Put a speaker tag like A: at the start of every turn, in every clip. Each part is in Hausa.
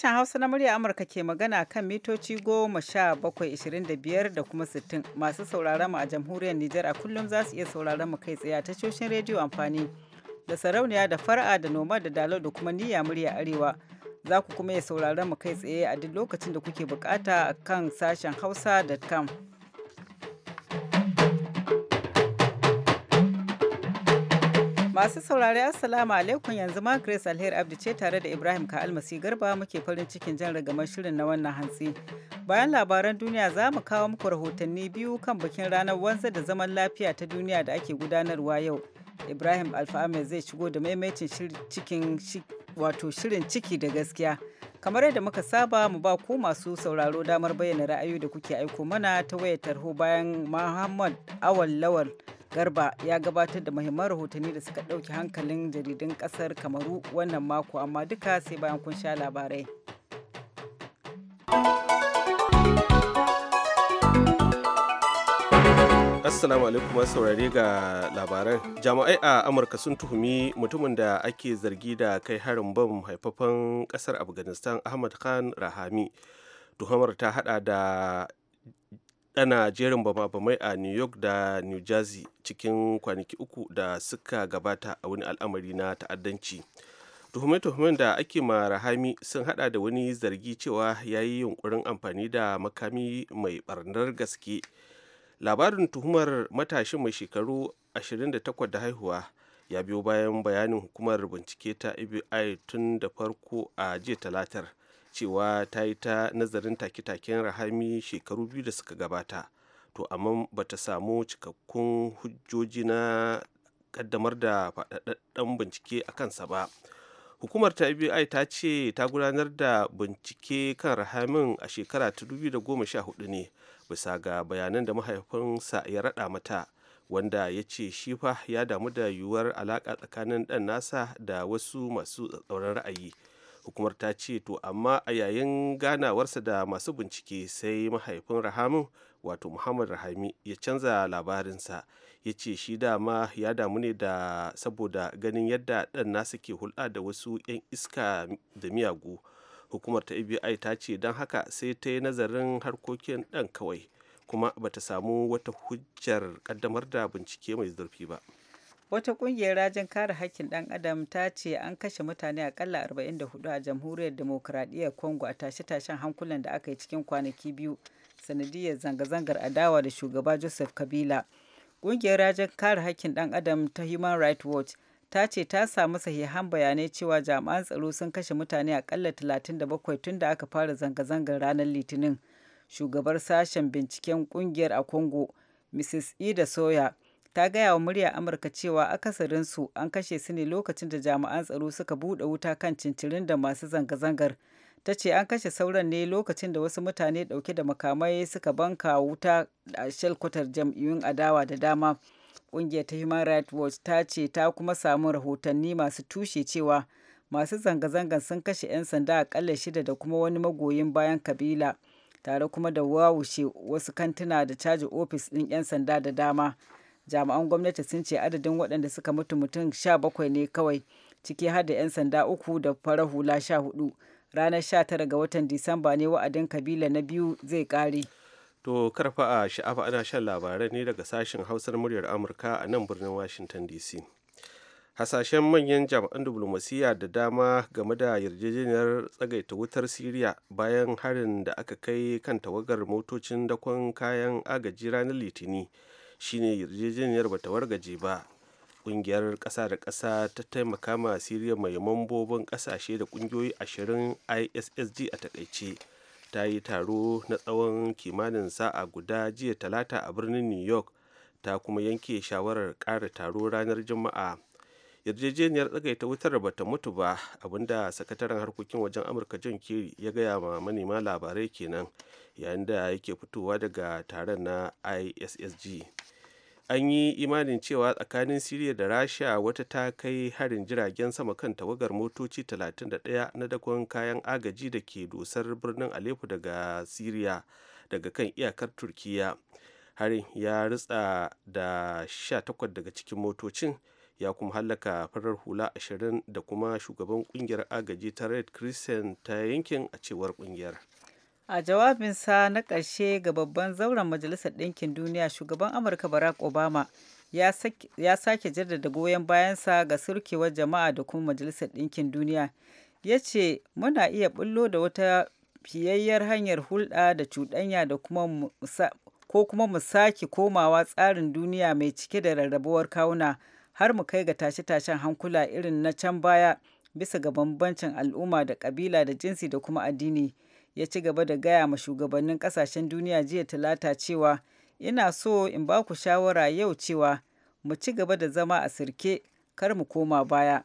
A: Sashen Hausa na murya Amurka ke magana kan mitoci goma sha bakwai ishirin da biyar da kuma sittin masu sauraron mu a jamhuriyar Nijar a kullum za su iya sauraron mu kai tsaye a tashoshin rediyo amfani da sarauniya da fara'a da noma da dalo da kuma niyya murya arewa. Za ku kuma iya sauraron mu kai tsaye a duk lokacin da kuke bukata kan sashen hausa.com. Masu saurari Assalamu alaikum yanzu ma Grace Alheri Abdi ce tare da Ibrahim Ka Almasi Garba muke farin cikin jan ragamar shirin na wannan hantsi. Bayan labaran duniya za mu kawo muku rahotanni biyu kan bikin ranar wanzar da zaman lafiya ta duniya da ake gudanarwa yau. Ibrahim Alfa'ame zai shigo da maimaitin cikin wato shirin ciki da gaskiya. Kamar yadda muka saba mu ba ku masu sauraro damar bayyana ra'ayoyi da kuke aiko mana ta wayar tarho bayan Muhammad Awal Lawal. Garba ya gabatar da muhimman rahotanni da suka ɗauki hankalin jaridun ƙasar Kamaru wannan mako amma duka sai bayan kun sha labarai.
B: Assalamu alaikum saurare ga labaran. Jami'ai a Amurka sun tuhumi mutumin da ake zargi da kai harin bom haifafan kasar Afghanistan Ahmad Khan Rahami. Tuhumar ta hada da ɗana jerin bama-bamai a new york da new jersey cikin kwanaki uku da suka gabata a wani al'amari na ta'addanci tuhume-tuhumen da ake ma rahami sun hada da wani zargi cewa ya yi yunkurin amfani da makami mai barnar gaske labarin tuhumar matashin mai shekaru 28 da haihuwa ya biyo bayan bayanin hukumar bincike ta fbi tun da farko a jiya talatar cewa ta yi ta nazarin take-taken rahami shekaru biyu da suka gabata to amma bata samu cikakkun hujjoji na kaddamar da faɗaɗɗen bincike a kansa ba hukumar ta fbi ta ce ta gudanar da bincike kan rahamin a shekara ta 2014 ne bisa ga bayanan da mahaifinsa ya raɗa mata wanda ya ce shi fa ya damu da yiwuwar alaƙa tsakanin ɗan nasa da wasu masu tsatsauran ra'ayi hukumar ta ce to amma a yayin ganawarsa da masu bincike sai mahaifin rahamu wato muhammad rahami ya canza labarinsa ya ce shi dama ya damu ne da saboda ganin yadda ɗan nasa ke hulɗa da wasu 'yan iska da miyagu hukumar ta abi ta ce don haka sai ta yi nazarin harkokin ɗan kawai kuma bata samu wata hujjar ƙaddamar da bincike mai zurfi ba.
A: Wata ƙungiyar rajin kare haƙƙin ɗan adam ta ce an kashe mutane akalla 44 a jamhuriyar demokuraɗiyyar Congo a tashe-tashen hankulan da aka yi cikin kwanaki biyu sanadiyar zanga-zangar adawa da shugaba Joseph Kabila. Ƙungiyar rajin kare haƙƙin ɗan adam ta Human Rights Watch ta ce ta samu sahihan bayanai cewa jami'an tsaro sun kashe mutane akalla 37 tun da aka fara zanga-zangar ranar Litinin. Shugabar sashen binciken ƙungiyar a Congo, Mrs. Ida Soya, ta gaya wa murya amurka cewa akasarinsu an kashe su ne lokacin da jami'an tsaro suka buɗe wuta kan cincirin da masu zanga-zangar ta ce an kashe sauran ne lokacin da wasu mutane ɗauke da makamai suka banka wuta a shalkwatar jam'iyyun adawa da dama ƙungiyar ta human rights watch ta ce ta kuma samu rahotanni masu tushe cewa masu zanga-zangar sun kashe 'yan sanda akalla shida da kuma wani magoyin bayan kabila tare kuma da wawushe wasu kantuna da caji ofis ɗin 'yan sanda da dama jami'an gwamnati sun ce adadin waɗanda suka mutu mutum sha bakwai ne kawai ciki har da 'yan sanda uku da fara hula sha hudu ranar 19 ga watan disamba ne wa'adin kabila na biyu zai
B: kare. to karfa a sha'afa ana shan labarai ne daga sashen hausar muryar amurka a nan birnin washington dc hasashen manyan jami'an diplomasiya da dama game da yarjejeniyar tsagaita wutar siriya bayan harin da aka kai kan tawagar motocin dakon kayan agaji ranar litini. shine yarjejeniyar ba ta wargaje ba kungiyar ƙasa da ƙasa ta taimaka ma siriya mai mambobin ƙasashe da ƙungiyoyi ashirin issg a takaice ta yi taro na tsawon kimanin sa'a guda jiya talata a birnin new york ta kuma yanke shawarar ƙara taro ranar juma'a yarjejeniyar tsagaita wutar bata mutu ba abinda sakataren harkokin wajen amurka john kerry ya gaya ma manema labarai kenan yayin da yake fitowa daga taron na issg an yi imanin cewa tsakanin siriya da rasha wata ta kai harin jiragen sama kan tawagar motoci 31 na dakon kayan agaji da ke dusar birnin aleppo daga siriya daga kan iyakar turkiya harin ya ritsa da 18 daga cikin motocin ya kuma hallaka farar hula 20 da kuma shugaban kungiyar agaji ta red crescent ta yankin a cewar kungiyar
A: A jawabinsa na ƙarshe ga babban zauren Majalisar Ɗinkin Duniya, shugaban Amurka Barack Obama ya sake jaddada goyon bayansa ga surkewar jama'a da kuma Majalisar Ɗinkin Duniya. Ya ce, Muna iya bullo da wata fiyayyar hanyar hulɗa da cuɗanya da kuma ko kuma mu sake komawa tsarin duniya mai cike da rarrabuwar kawuna har mu kai ga tashe-tashen hankula irin na can baya bisa ga bambancin al'umma da ƙabila da jinsi da kuma addini. ya ci gaba da gaya ma shugabannin kasashen duniya jiya talata cewa ina so in ba ku shawara yau cewa mu ci gaba da zama a sirke kar mu koma baya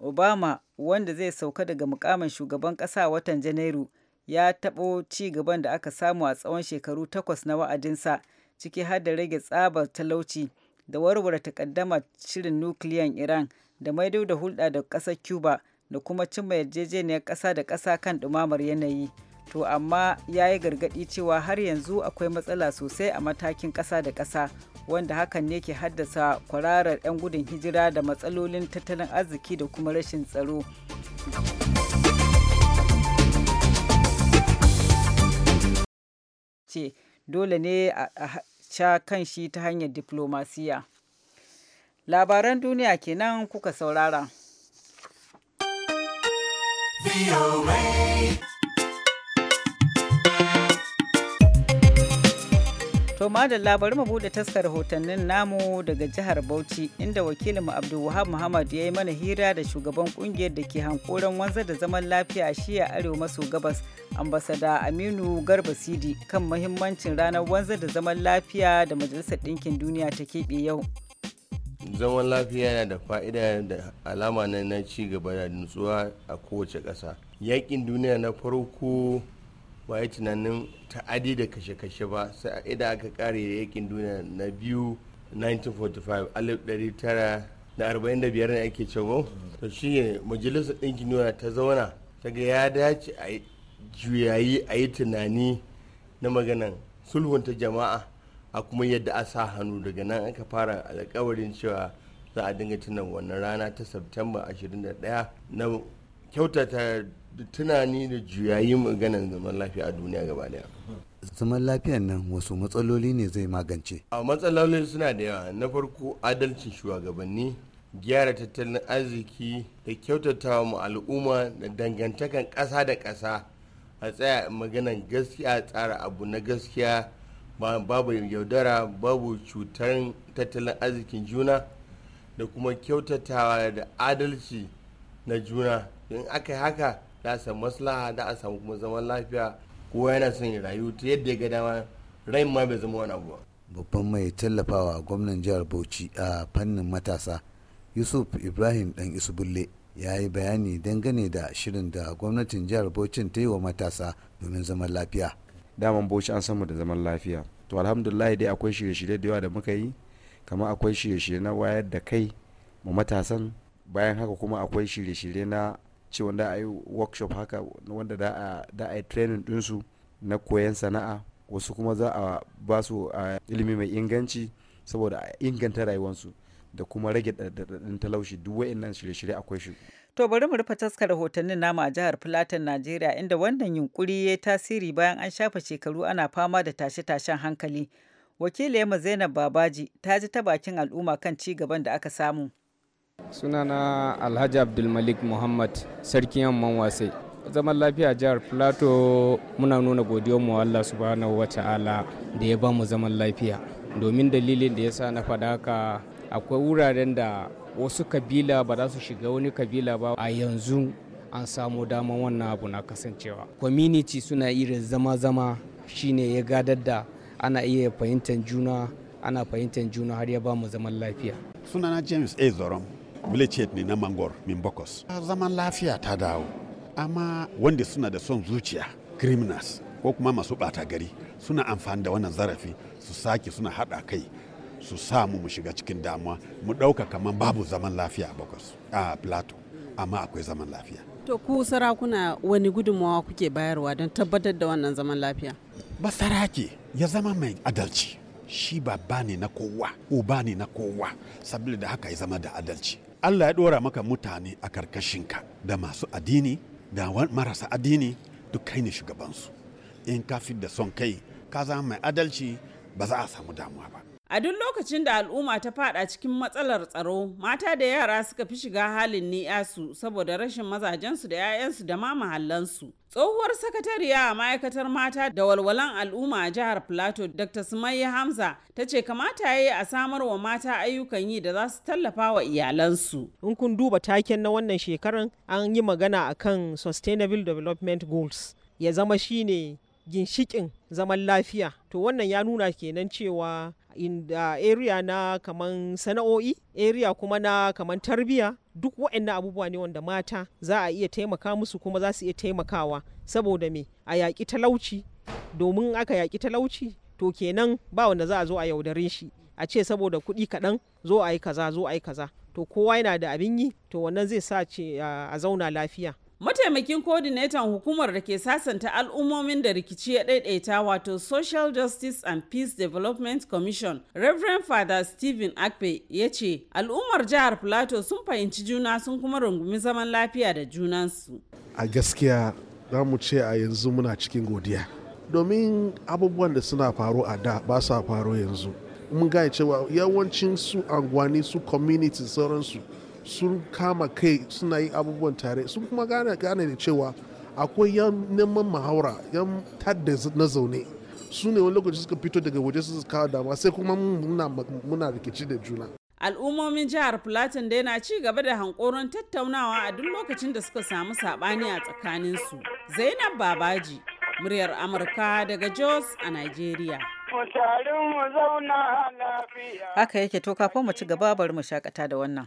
A: obama wanda zai sauka daga mukamin shugaban kasa watan janairu ya taɓo ci gaban da aka samu a tsawon shekaru takwas na wa'adinsa ciki har da rage tsabar talauci da warware takaddama shirin nukiliyan iran da maido da hulɗa da ƙasar cuba da kuma cimma yarjejeniyar ƙasa da ƙasa kan ɗumamar yanayi to amma ya yi gargaɗi cewa har yanzu akwai matsala sosai a matakin ƙasa da ƙasa wanda hakan ne ke haddasa kwararar 'yan gudun hijira da matsalolin tattalin arziki da kuma rashin tsaro ce dole ne a sha kan shi ta hanyar diplomasiya labaran duniya kenan kuka saurara. To madalla bari mu bude taskar rahotannin namu daga jihar Bauchi inda wakilinmu Abdul Wahab Muhammad ya yi mana hira da shugaban kungiyar da ke hankoran wanzar da zaman lafiya a shiya arewa maso gabas ambasada Aminu Garba Sidi kan mahimmancin ranar wanzar da zaman lafiya da Majalisar Ɗinkin Duniya ta keɓe yau.
C: Zaman lafiya yana da fa'ida da alama na ci gaba da nutsuwa a kowace ƙasa. Yaƙin duniya na farko ba ya tunanin ta'adi da kashe-kashe ba sai idan aka kare yakin duniya na biyu 1945 1945 ne ake cewa mm. to shi ne majalisar ɗinkin duniya ta zauna ta ga ya dace a juyayi a yi tunani na maganan sulhunta jama'a a kuma yadda a sa hannu daga nan aka fara alkawarin cewa za a dinga tunan wannan rana ta september 21 na kyautata tunani da juyayi maganan zaman lafiya a duniya gaba daya
D: zaman lafiyan nan wasu matsaloli ne zai magance
C: a matsaloli suna da yawa na farko adalcin shugabanni gyara tattalin arziki da kyautata mu al'umma da dangantakan ƙasa da ƙasa a tsaya maganan gaskiya tsara abu na gaskiya babu yaudara babu cutar tattalin arzikin juna da kuma kyautatawa da adalci na juna in aka yi haka da a samu maslaha da a samu kuma zaman lafiya kowa yana son ya rayu ta yadda ya ga dama rai ma bai zama wani abu
D: babban mai tallafawa gwamnan jihar bauchi a fannin matasa yusuf ibrahim dan isubulle ya yi bayani dangane da shirin da gwamnatin jihar bauchin ta yi wa matasa domin zaman lafiya daman bauchi an samu
E: da zaman lafiya to alhamdulillah dai akwai shirye-shirye da yawa da muka yi kamar akwai shirye-shirye na wayar da kai ma matasan bayan haka kuma akwai shirye-shirye na ce wanda a yi workshop haka wanda da a yi training ɗinsu na koyan sana'a wasu kuma za a ba su ilimi mai inganci saboda a inganta rayuwarsu da kuma rage ɗaɗɗaɗɗin talaushi duk wa'innan shirye-shirye akwai shi.
A: To bari mu rufe taskar rahotannin namu a jihar Filatan Najeriya inda wannan yunkuri ya tasiri bayan an shafa shekaru ana fama da tashe-tashen hankali. Wakiliyarmu Zainab Babaji ta ji ta bakin al'umma kan ci gaban da aka samu.
F: sunana alhaji abdulmalik muhammad sarkin yamman wasai zaman lafiya jihar plateau muna nuna mu allah subhanahu wa ta'ala da ya bamu zaman lafiya domin dalilin da ya sa na faɗa ka akwai wuraren da wasu kabila ba za su shiga wani kabila ba a yanzu an samu daman wannan abu na kasancewa community suna irin zama-zama shine ya gadar da ana iya fahimtar juna ana fahimtar juna har ya ba mu zaman lafiya
E: sunana james a zoron village ne na mangor min bakwas zaman lafiya ta dawo amma wanda suna da son zuciya criminals ko kuma masu bata gari suna amfani da wannan zarafi su sake suna hada kai su samu mu shiga cikin damuwa mu ɗauka kamar babu zaman lafiya a bakwas a plato amma akwai zaman lafiya
G: to ku sarakuna wani gudunmawa kuke bayarwa don tabbatar da wannan zaman lafiya
E: ba sarake ya zama mai adalci shi ba ne na kowa uba ne na kowa saboda haka ya zama da adalci Allah ya ɗora maka mutane a karkashinka da masu addini da marasa addini duk kai ne shugabansu in ka fi da son kai ka zama mai adalci ba za a samu damuwa ba
G: A duk lokacin da al'umma ta fada cikin matsalar tsaro, mata da yara suka fi shiga halin ni'yasu saboda rashin mazajensu da 'ya'yansu da ma mahallansu. Tsohuwar sakatariya a ma'aikatar mata da walwalan al'umma a jihar Plateau, Dr. Sumayya Hamza, ta ce kamata ya yi a samar wa mata ayyukan yi da za su tallafa wa iyalansu. In kun duba taken na wannan shekarar an yi magana akan Sustainable Development Goals. Ya zama shine ginshikin zaman lafiya to wannan ya nuna kenan cewa inda area na kaman sana'o'i area kuma na kaman tarbiya duk waɗannan abubuwa ne wanda mata za a iya taimaka musu kuma za su iya taimakawa saboda me a yaƙi talauci domin aka yaƙi talauci to kenan ba wanda za a zo a yaudare shi a ce saboda kuɗi kaɗan zo a yi kaza zo a yi kaza to kowa yana da abin yi to wannan zai sa ce a zauna lafiya Mataimakin kodinetan hukumar da ke sasanta al'ummomin da rikici ya ɗaiɗaita wato Social Justice and Peace Development Commission, Reverend Father Stephen Akpe ya ce, al'ummar jihar Plateau sun fahimci juna sun kuma rungumi zaman lafiya da junansu.
E: A gaskiya za mu ce a yanzu muna cikin godiya. Domin abubuwan da
B: suna faru a da ba sa faru yanzu. Mun gaya cewa yawancin su angwani su community sauransu sun kama kai suna yi abubuwan tare sun kuma gane gane da cewa akwai yan neman mahaura yan tadda na zaune su ne wani lokaci suka fito daga waje su kawo dama sai kuma muna rikici da juna
G: al'ummomin jihar platin dai na ci gaba da hankoron tattaunawa a duk lokacin da suka samu sabani a tsakaninsu zainab babaji muryar amurka daga jos a nigeria
C: haka
A: yake to kafin mu ci gaba bari mu shakata da wannan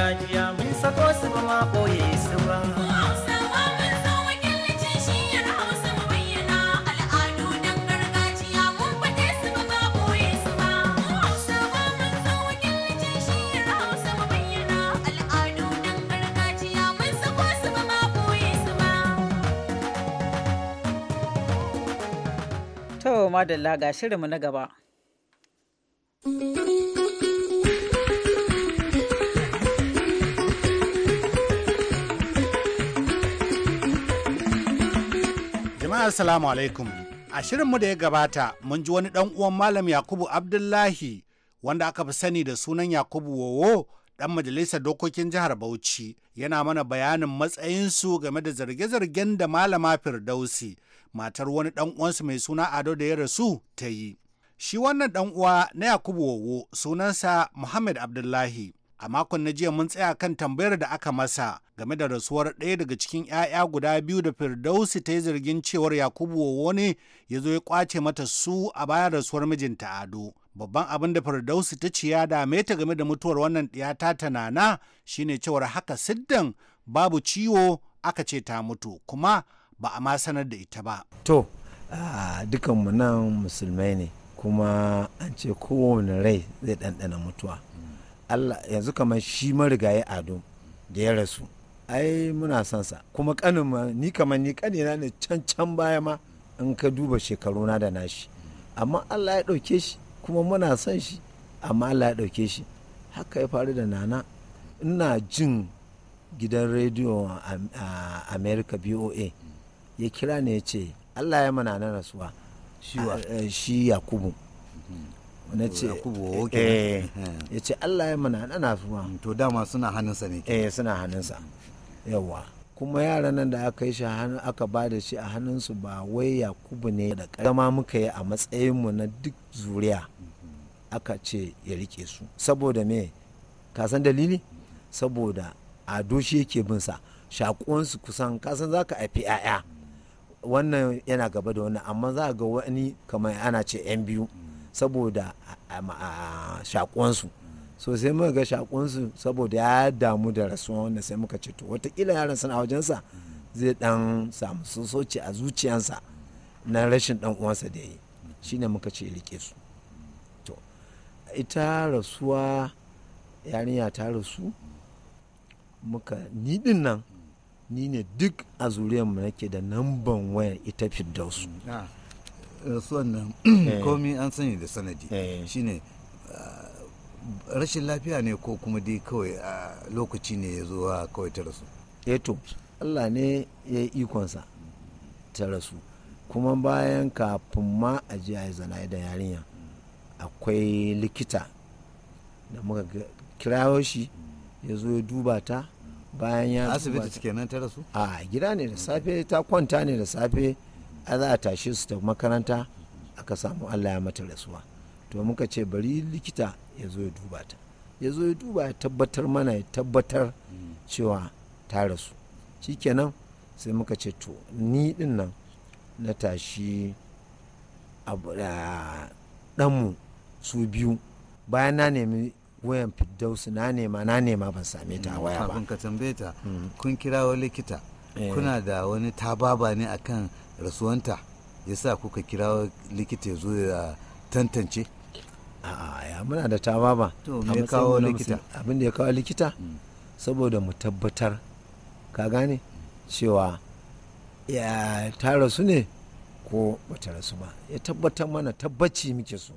A: adalla ga shirinmu na gaba.
F: Jama'a Assalamu alaikum. A shirinmu da ya gabata mun ji wani ɗan uwan Malam Yakubu Abdullahi wanda aka fi sani da sunan Yakubu Wowo ɗan majalisar dokokin jihar Bauchi yana mana bayanin matsayinsu game da zarge-zargen da malama Firdausi matar wani ɗan uwansu mai suna Ado da ya rasu ta yi. Shi wannan ɗan uwa na Yakubu Wowo sunansa Muhammad Abdullahi. A makon na jiya mun tsaya kan tambayar da aka masa game da rasuwar ɗaya daga cikin 'ya'ya guda biyu da Firdausi ta yi zargin cewar Yakubu Wowo ne ya zo ya kwace mata su a bayan rasuwar mijinta Ado. babban abin da firdausi ta ciya dame ta game da mutuwar wannan ɗiyata ta nana shine cewar haka siddan babu ciwo aka ce ta mutu kuma ba a ma sanar da ita ba
H: to dukanmu nan musulmai ne kuma an ce kowane rai zai ɗanɗana mutuwa allah yanzu kamar shi marigayi ado da ya rasu ai muna son sa kuma kanin ma ni kamar ni kanina ne can can baya ma in ka duba shekaru na da nashi amma allah ya ɗauke shi kuma muna son shi amma Allah ya ɗauke shi haka ya faru da nana ina jin gidan rediyo a america boa ya kira ne ya ce Allah ya mana na rasuwa eh, shi yakubu na ce eh, eh. ya ce Allah ya mana na rasuwa to dama suna hannunsa ne eh suna hannunsa yawa kuma yaran nan da aka yi shi aka ba da shi a hannunsu ba wai yakubu ne da zama muka yi a matsayinmu na duk zuriya aka ce ya rike su saboda me kasan dalili saboda a doshi yake bin sa shakuwansu kusan kasan zaka ka haifi 'ya'ya wannan yana gaba da wannan amma za ga wani kamar ana ce 'yan biyu saboda shakuwansu so sai muka ga shakunsu saboda ya damu da rasuwa wanda sai muka ce to watakila yaran suna sa zai dan samu sosoci a zuciyansa na rashin dan uwansa da yi shine muka ce rike su to ita rasuwa yarinya ta rasu muka ni nan ni ne duk a mu nake da namban wayar ita su
D: ah, rasuwan nan eh. komi an sani da sanadi eh. shine rashin lafiya ne ko kuma dai kawai a lokaci ne ya zo kawai ta rasu eto eh allah
H: ne ya yi ikonsa ta rasu kuma bayan kafin ma a ji a yi zana da yarinya akwai likita da muka kirawo shi ya zo ya duba ta bayan ya asibiti cike nan ta rasu a gida ne da safe ta kwanta ne da safe a za a tashi su ta makaranta aka samu allah ya mata rasuwa to muka ce bari likita ya zo ya duba ta ya zo ya duba ya tabbatar mana ya tabbatar cewa ta rasu shikenan sai muka ce to ni din nan na tashi ɗanmu ah, su biyu bayan na nemi wayan fiddausu
D: na nema na nema ban same ta mm, waya ba ka tambaye ta mm. kun kirawo likita eh. kuna da wani tababa ne akan rasuwanta yasa kuka kirawo likita ya zo ya tantance a'a ya muna da tababa Me kawo likita
H: abin da ya kawo likita mm. saboda mu tabbatar ka gane cewa ya ta rasu ne ko bata rasu ba ya tabbatar mana tabbaci muke so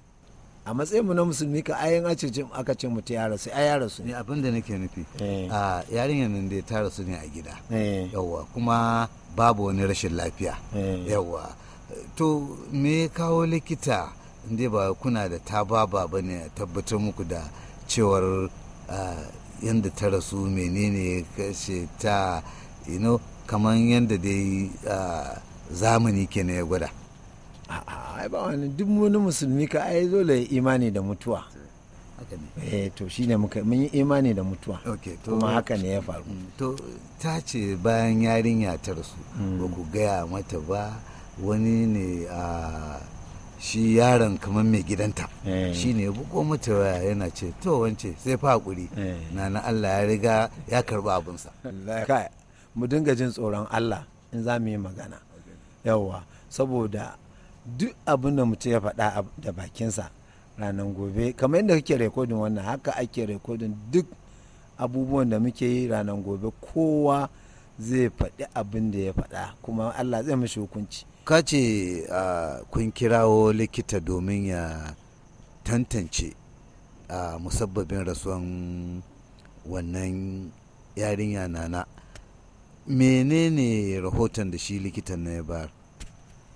H: a matsayinmu na musulmi ka ayin aka ce mutu ya rasu ai ya
D: rasu ne abin da nake nufi eh. a yarin nan da ta rasu ne a gida eh. yawwa kuma babu wani rashin lafiya eh. yawwa to me kawo likita inda ba kuna da ta baba ba ne a tabbatar muku da cewar yadda ta rasu menene kashe ta ino kamar yadda dai zamani ke ya gwada
H: ai ba wani duk wani musulmi ka ai dole imani da mutuwa eh to shine muka mun yi imani da mutuwa
D: kuma haka ne ya faru mm, to ta ce bayan yarinya ta rasu ba mm. ku gaya mata ba wani ne a shi yaron kamar mai gidanta eh. shi ne buko mata waya yana ce to wance sai fa hakuri eh. na na Allah ya riga ya karba abinsa kai mu dinga jin tsoron
H: Allah in za mu yi magana yawwa saboda duk abin da mutum ya faɗa da bakinsa ranar gobe kamar yadda kake rekodin wannan haka ake rekodin duk abubuwan da muke yi ranar gobe kowa zai faɗi abin da ya faɗa kuma allah zai mashi hukunci
D: ka ce kun kirawo likita domin ya tantance a musabbabin rasuwan wannan yarinya nana menene rahoton da shi likitan na ya bayar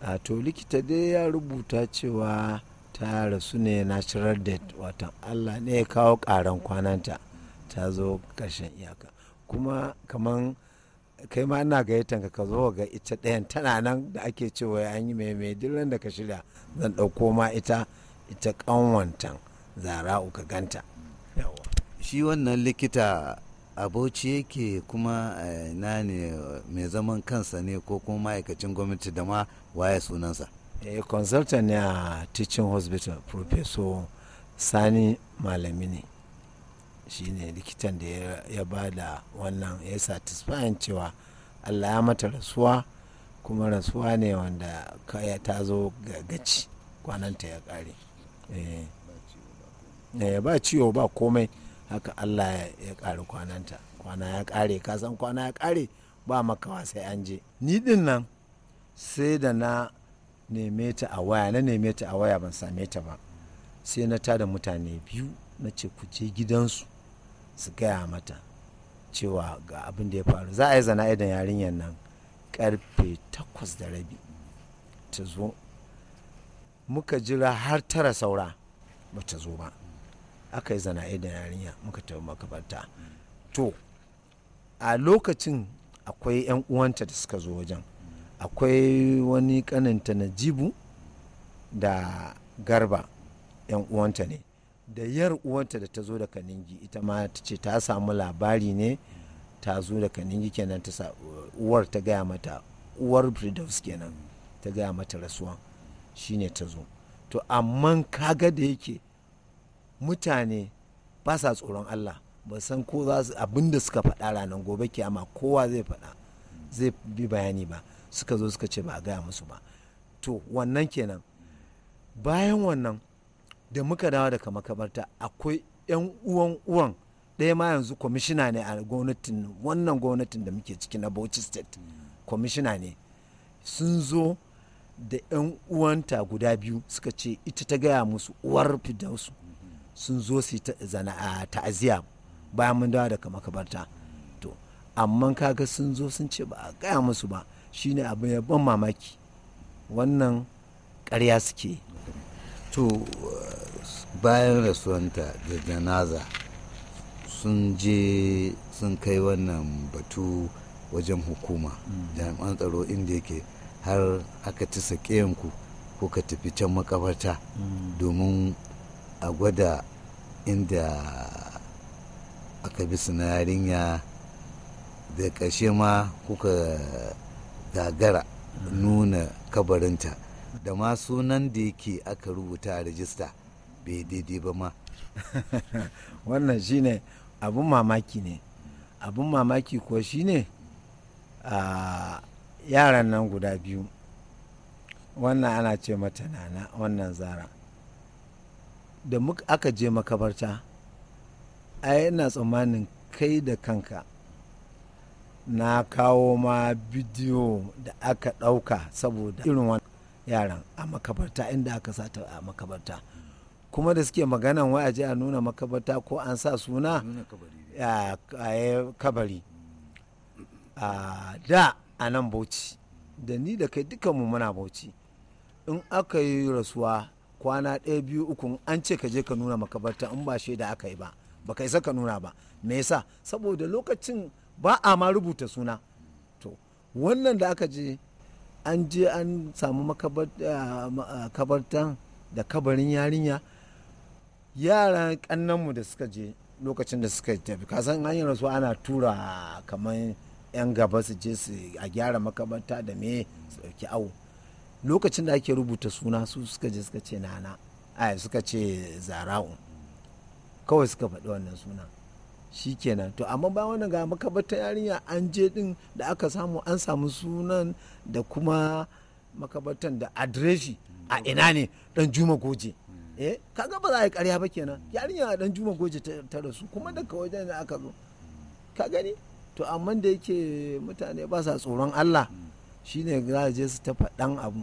D: a to likita dai ya rubuta
H: cewa ta rasu ne natural death watan allah ne ya kawo ƙaran kwananta ta zo ƙarshen iyaka kuma kamar kai ma ina gayyatan ka ka zo ga ita ɗayan tana nan da ake cewa an yi mai mai duk da ka shirya zan ɗauko
D: ma ita ita ƙanwantan
H: zara uka ganta
D: shi wannan likita abauci yake kuma eh, na ne mai zaman kansa ne ko kuma ma'aikacin gwamnati da ma waye sunansa eh consultant ne a
H: teaching hospital professor sani malami ne shine likitan da ya ba da wannan ya satisfayin cewa allah ya mata rasuwa kuma rasuwa ne wanda kaya ta zo gaci kwananta ya kare ya eh. eh, ba ciwo ba komai haka allah ya kare kwananta kwana ya kare kasan kwana ya kare ba makawa sai an je ni din nan sai da na neme ta a waya na neme ta a waya ban same ta ba sai na tada mutane biyu na ce ku je gidansu su gaya mata cewa ga abin da ya faru za a yi zana idan yarinyar nan karfe takwas da rabi ta zo muka jira har tara saura ba ta zo ba aka yi zana idan yarinya muka tafi makabarta to a lokacin akwai 'yan uwanta da suka zo wajen akwai wani kananta na jibu da garba 'yan uwanta ne da yar uwanta da ta zo daga ningi ita ma ta ce ta samu labari ne ta zo daga ningi kenan ta uwar ta gaya mata uwar Firdaus kenan ta gaya mata rasuwan shine ta zo to amma kaga da yake mutane ba sa tsoron Allah ba san ko za su abin suka faɗa ranar gobe kiyama kowa zai faɗa zai bi bayani ba suka zo suka ce ba a gaya musu ba to wannan kenan bayan wannan da muka dawo daga makabarta akwai 'yan uwan uwan ɗaya ma yanzu kwamishina ne a gwamnatin wannan gwamnatin da muke ciki na bauchi state kwamishina ne sun zo da 'yan uwanta guda biyu suka ce ita ta gaya musu uwar fidansu sun zo su zana ta'aziya bayan mun dawo daga makabarta to amma kaga sun zo sun ce ba a gaya musu ba shine abin ya ban mamaki wannan karya suke
D: to uh, bayan rasuwanta da janaza sun je sun kai wannan batu wajen hukuma mm. jami'an tsaro inda yake har aka ci yanku ko ka tafi can makabarta mm. domin a gwada inda aka bi yarinya da ƙarshe ma kuka gagara mm. nuna kabarinta da ma sunan da yake aka rubuta a rajista bai daidai ba ma wannan shine
H: abun mamaki ne abun mamaki ko shine a yaran nan guda biyu wannan ana ce mata nana wannan zara da aka je makabarta ai ina tsammanin kai da kanka na kawo ma bidiyo da aka ɗauka saboda irin yaran a makabarta inda aka sata a makabarta kuma da suke maganan wa'aji a nuna makabarta ko an sa suna a kabari a da a nan bauchi da ni da kai dukanmu muna bauchi in aka yi rasuwa kwana ɗaya biyu uku an ce ka je ka nuna makabarta in ba shaida aka yi ba ba ka isa ka nuna ba me yasa saboda lokacin ba a ma rubuta suna to wannan da aka je an je an samu makabartan da kabarin yarinya yara kannanmu da suka je lokacin da suka tafi kasan hanyar su ana tura kamar 'yan gaba su je su a gyara makabarta da me su dauki awo lokacin da ake rubuta suna su suka je suka ce nana ai suka ce zara'u kawai suka faɗi wannan sunan. shikenan to amma ba wannan ga makabarta yarinya an je din da aka samu an samu sunan da kuma makabatan da adireshi a ina ne dan juma goje eh kaga ba za a yi karya ba kenan yarinya dan juma goje ta rasu kuma daga wajen da aka zo ka gani to amma da yake mutane ba sa tsoron Allah
F: shine za a je su ta faɗan abu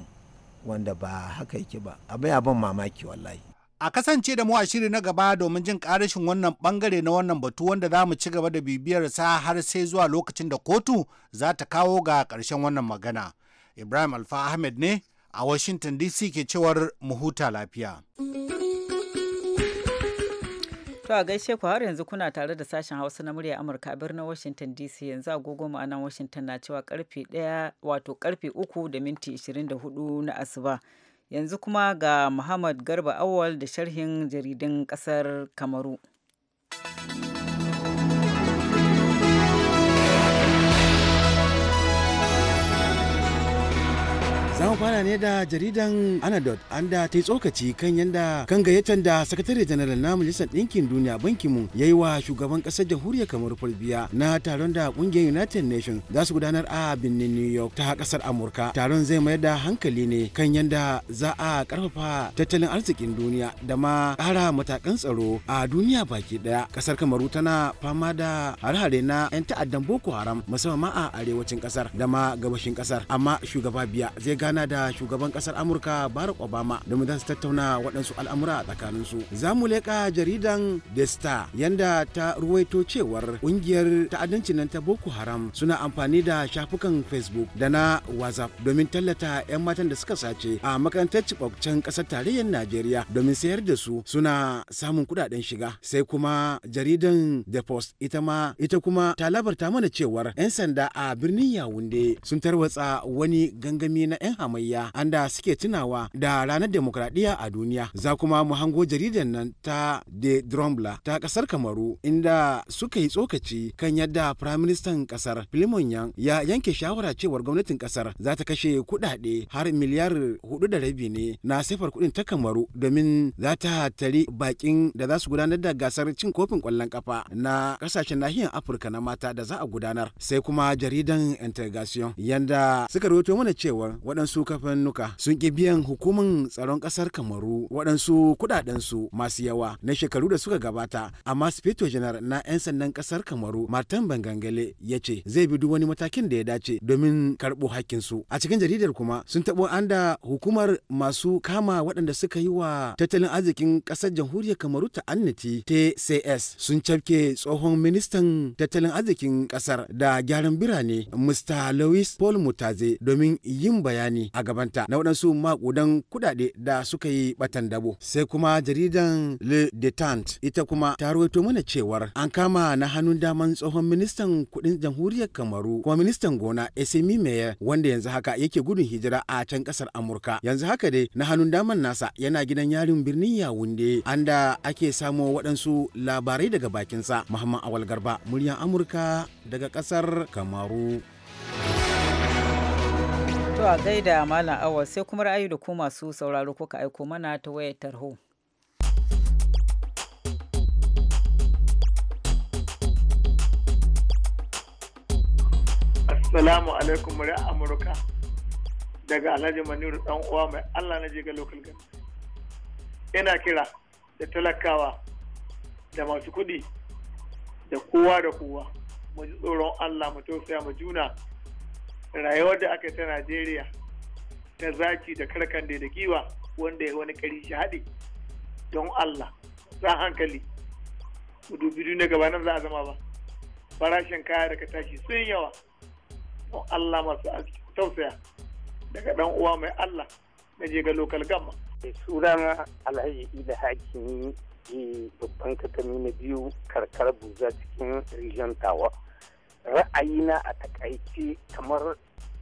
F: wanda ba haka yake ba abin ban mamaki wallahi A kasance da mu a shiri na gaba domin jin karashin wannan bangare na wannan batu wanda za mu ci gaba da bibiyar sa har sai zuwa lokacin da kotu za ta kawo ga karshen wannan magana. Ibrahim Alfa Ahmed ne a Washington DC ke cewar mu lafiya. To a gaishe ku har yanzu kuna tare
A: da sashen Hausa na murya Amurka a birnin Washington DC yanzu agogo mu anan Washington na cewa karfe 1 wato karfe 3 da minti 24 na asuba. Yanzu kuma ga Muhammad Garba Awal da sharhin jaridun ƙasar Kamaru.
E: zamu fara ne da jaridan Anadot an da ta yi tsokaci kan yadda kan gayyatar da sakatare janaral na majalisar ɗinkin duniya bankin mu ya yi wa shugaban ƙasar jamhuriyar kamar Fulbiya na taron da ƙungiyar United Nations za su gudanar a birnin New York ta ƙasar Amurka. Taron zai mayar da hankali ne kan yadda za a ƙarfafa tattalin arzikin duniya da ma ƙara matakan tsaro a duniya baki ɗaya. Ƙasar Kamaru tana fama da hare-hare na 'yan ta'addan Boko Haram musamman a arewacin ƙasar da ma gabashin ƙasar amma shugaba biya zai gane gana da shugaban kasar amurka barack obama domin don su tattauna waɗansu al'amura a tsakaninsu za mu leƙa jaridan the star yanda ta ruwaito cewar ƙungiyar ta'addanci nan ta boko haram suna amfani da shafukan facebook da na whatsapp domin tallata 'yan matan da suka sace a makarantar cikakken ƙasar tarayyar najeriya domin sayar da su suna samun kuɗaɗen shiga sai kuma jaridan the post ita ma ita kuma ta labarta mana cewar 'yan sanda a birnin yawunde sun tarwatsa wani gangami na 'yan an anda suke tunawa da ranar demokradiyya a duniya za kuma mu hango jaridar nan ta de drumbla ta kasar kamaru inda suka yi tsokaci kan yadda firaministan kasar filimon yan ya yanke shawara cewar gwamnatin kasar za ta kashe kudade har miliyar hudu da rabi ne na sifar kuɗin ta kamaru domin za ta tari bakin da za su gudanar da gasar cin kofin kwallon kafa na kasashen nahiyar afirka na mata da za a gudanar sai kuma jaridan integration yanda suka rawaito mana cewar waɗansu kafin nuka sun ki biyan hukumar tsaron ƙasar kamaru waɗansu kuɗaɗensu masu yawa na shekaru da suka gabata amma spito janar na 'yan sandan ƙasar kamaru martin bangangale ya ce zai bi duk wani matakin da ya dace domin karɓo hakkinsu a cikin jaridar kuma sun taɓo an da hukumar masu kama waɗanda suka yi wa tattalin arzikin ƙasar jamhuriyar kamaru ta annati tcs sun cafke tsohon ministan tattalin arzikin ƙasar da gyaran birane mr louis paul mutaze domin yin bayani bayani a gabanta na waɗansu maƙudan kuɗaɗe da suka yi batan dabo. Sai kuma jaridan Le Detente ita kuma ta rawaito mana cewar an kama na hannun daman tsohon ministan kuɗin jamhuriyar Kamaru kuma ministan gona Esemi Meyer wanda yanzu haka yake gudun hijira a can ƙasar Amurka. Yanzu haka dai na hannun daman nasa yana gidan yarin birnin Yawunde an da ake samo waɗansu labarai daga bakinsa. Muhammad Awal Garba, muryar Amurka daga ƙasar Kamaru.
A: To a gaida Malam Awa sai kuma ra'ayi da ku masu sauraro ko ka aiko mana ta waya tarho.
C: Assalamu alaikum murya Amurka daga Alhaji Maniru dan uwa mai Allah na ga lokal Ina kira da talakawa da masu kuɗi da kowa da kowa mu ji tsoron Allah mu tausaya mu juna rayuwar da aka ta najeriya ta zaki da karkan da giwa wanda ya wani kari shi haɗe don allah za hankali dubi na gaba nan za a zama ba farashin kaya ka tashi sun yawa don allah masu tausaya daga dan uwa mai allah na je ga lokal gamma sunana alhaji ila ke babban katami na biyu karkar buza
F: cikin region tawa ra'ayina a takaice kamar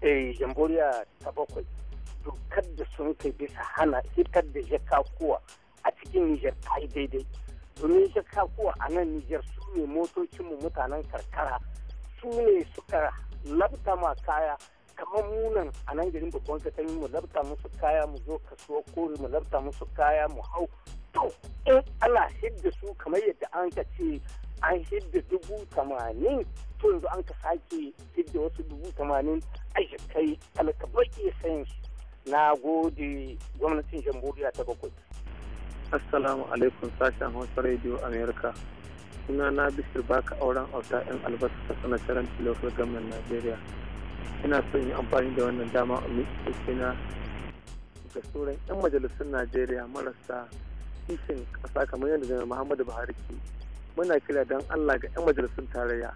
E: Eh, jamhuriya ta bakwai dokar da sun kai bisa hana hitar da jakakuwa a cikin nijar ta yi daidai domin jakakuwa a nan nijar su ne
H: motocin mu mutanen karkara su ne suka labta ma kaya kamar
C: munan a nan garin babban katami mu labta musu kaya mu zo kasuwa kore mu labta musu kaya mu hau to in ana hidda su kamar yadda an ka ce an hidda
F: dubu tamanin to yanzu an ka sake hidda wasu dubu tamanin ake
H: kai sayin na gode gwamnatin jamhuriya ta bakwai. assalamu alaikum sashen hausa radio america suna na bishir baka auren auta yan albasa ta sanataran local government nigeria ina son yi amfani da wannan dama a na
C: da sauran yan majalisun nigeria marasa kishin kasa kamar yadda janar muhammadu buhari ke muna kira don Allah ga 'yan majalisun tarayya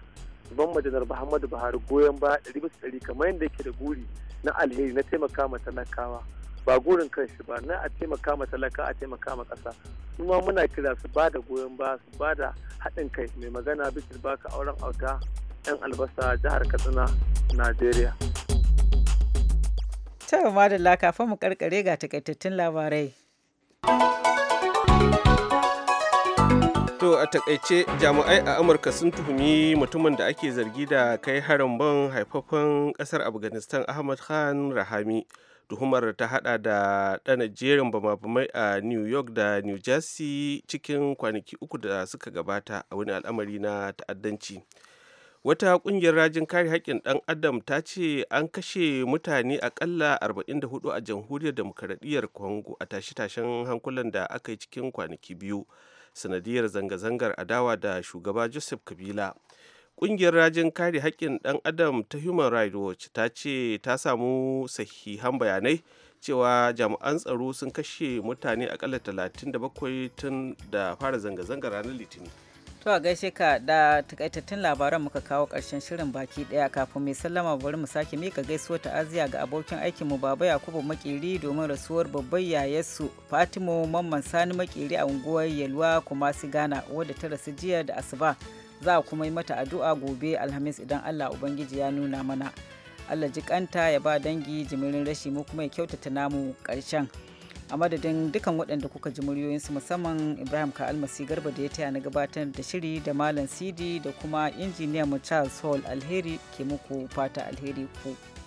C: ban majalar Muhammadu Buhari goyon baya ɗari bisa ɗari kamar yadda yake da guri na alheri na taimaka ma talakawa ba gurin kanshi ba na a taimaka ma talaka a taimaka ma ƙasa kuma muna kira su ba da goyon ba su ba da haɗin kai mai magana ba baka auren auta 'yan albasa jihar Katsina
B: Najeriya.
A: Ta madalla kafin mu karkare ga takaitattun labarai.
B: To a takaice jami'ai a Amurka sun tuhumi mutumin da ake zargi da kai harin ban haifafan kasar Afghanistan Ahmad Khan Rahami. Tuhumar ta hada da ɗana jerin bamabamai a New York da New Jersey cikin kwanaki uku da suka gabata a wani al'amari na ta'addanci. Wata ƙungiyar rajin kare haƙƙin ɗan Adam ta ce an kashe mutane aƙalla 44 a jamhuriyar demokaradiyyar Congo a tashe-tashen hankulan da aka yi cikin kwanaki biyu. sanadiyar zanga-zangar adawa da shugaba joseph kabila ƙungiyar rajin kare haƙƙin ɗan adam ta human rights watch ta ce ta samu sahihan bayanai cewa jami'an tsaro sun kashe mutane akalla 37 tun da fara zanga-zangar ranar litinin
A: To a gaishe ka da takaitattun labaran muka kawo ƙarshen shirin baki ɗaya kafin mai sallama bari mu sake mika gaisuwa ta'aziya ga abokin aikin mu Baba Yakubu Makiri domin rasuwar babbar yayarsu fatima Mamman Sani Makiri a unguwar Yalwa Kumasi Ghana wadda ta rasu jiya da asuba. Za a kuma yi mata addu'a gobe Alhamis idan Allah Ubangiji ya nuna mana. Allah jikanta ya ba dangi jimirin rashi mu kuma ya kyautata namu ƙarshen. a madadin dukan waɗanda kuka ji muryoyinsu musamman ibrahim ka almasi garba da ya taya na gabatar da shiri da malam sidi da kuma injiniyan mu charles hall alheri ke muku fata alheri ku